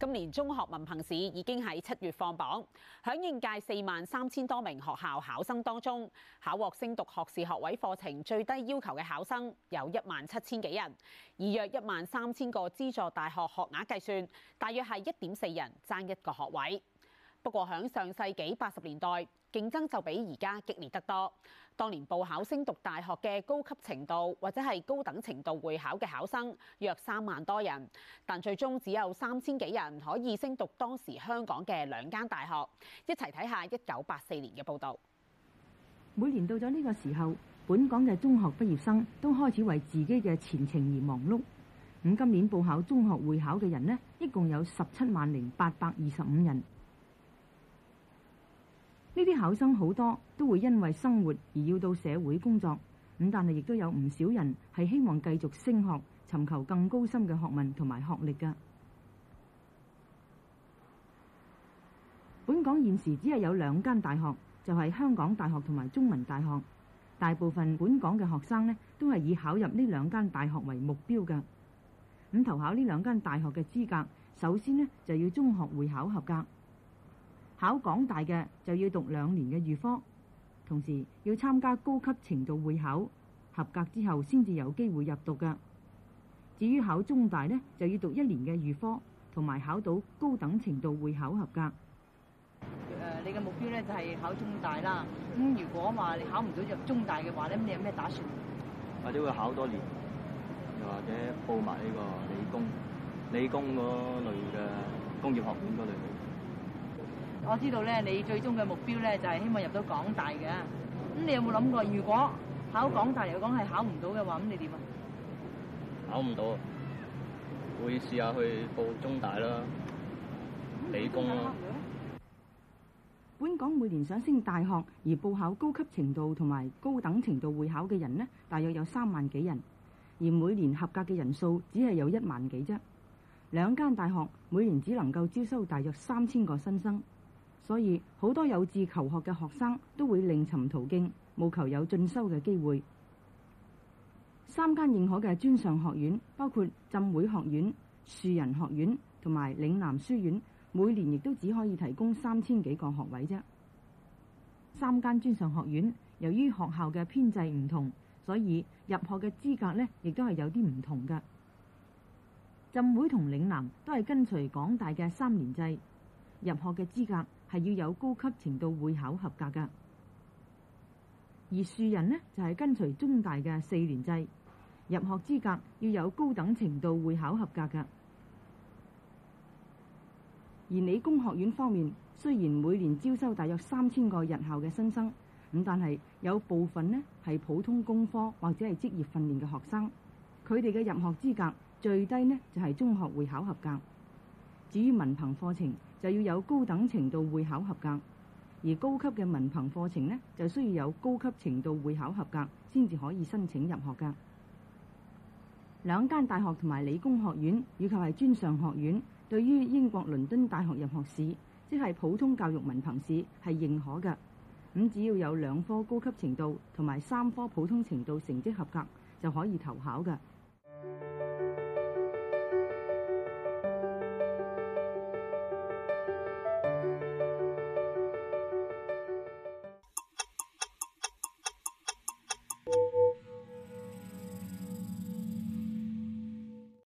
今年中學文憑試已經喺七月放榜，響應屆四萬三千多名學校考生當中，考獲升讀學士學位課程最低要求嘅考生有一萬七千幾人，以約一萬三千個資助大學學額計算，大約係一點四人爭一個學位。不過，響上世紀八十年代競爭就比而家激烈得多。當年報考升讀大學嘅高級程度或者係高等程度會考嘅考生約三萬多人，但最終只有三千幾人可以升讀當時香港嘅兩間大學。一齊睇下一九八四年嘅報導。每年到咗呢個時候，本港嘅中學畢業生都開始為自己嘅前程而忙碌。咁今年報考中學會考嘅人呢，一共有十七萬零八百二十五人。呢啲考生好多都會因為生活而要到社會工作，咁但係亦都有唔少人係希望繼續升學，尋求更高深嘅學問同埋學歷㗎。本港現時只係有兩間大學，就係香港大學同埋中文大學。大部分本港嘅學生呢都係以考入呢兩間大學為目標㗎。咁投考呢兩間大學嘅資格，首先呢就要中學會考合格。考港大嘅就要讀兩年嘅預科，同時要參加高級程度會考，合格之後先至有機會入讀㗎。至於考中大咧，就要讀一年嘅預科，同埋考到高等程度會考合格。誒、呃，你嘅目標咧就係、是、考中大啦。咁、嗯、如果話你考唔到入中大嘅話咧，你有咩打算？或者會考多年，又或者報埋呢個理工，理工嗰類嘅工業學院嗰類。我知道咧，你最終嘅目標咧就係希望入到港大嘅。咁你有冇諗過，如果考港大嚟講係考唔到嘅話，咁你點啊？考唔到，會試下去報中大啦、理工啦。嗯，本港每年想升大學而報考高級程度同埋高等程度會考嘅人呢，大約有三萬幾人，而每年合格嘅人數只係有一萬幾啫。兩間大學每年只能夠招收大約三千個新生。所以好多有志求學嘅學生都會另尋途徑，務求有進修嘅機會。三間認可嘅專上學院包括浸會學院、樹仁學院同埋嶺南書院，每年亦都只可以提供三千幾個學位啫。三間專上學院由於學校嘅編制唔同，所以入學嘅資格呢亦都係有啲唔同嘅。浸會同嶺南都係跟隨港大嘅三年制入學嘅資格。係要有高級程度會考合格噶，而樹仁呢，就係、是、跟隨中大嘅四年制，入學資格要有高等程度會考合格噶。而理工學院方面，雖然每年招收大約三千個日校嘅新生，咁但係有部分呢係普通工科或者係職業訓練嘅學生，佢哋嘅入學資格最低呢就係、是、中學會考合格。至於文憑課程，就要有高等程度會考合格，而高級嘅文憑課程呢，就需要有高級程度會考合格先至可以申請入學㗎。兩間大學同埋理工學院，以及係專上學院，對於英國倫敦大學入學試，即係普通教育文憑試，係認可嘅。咁只要有兩科高級程度同埋三科普通程度成績合格，就可以投考㗎。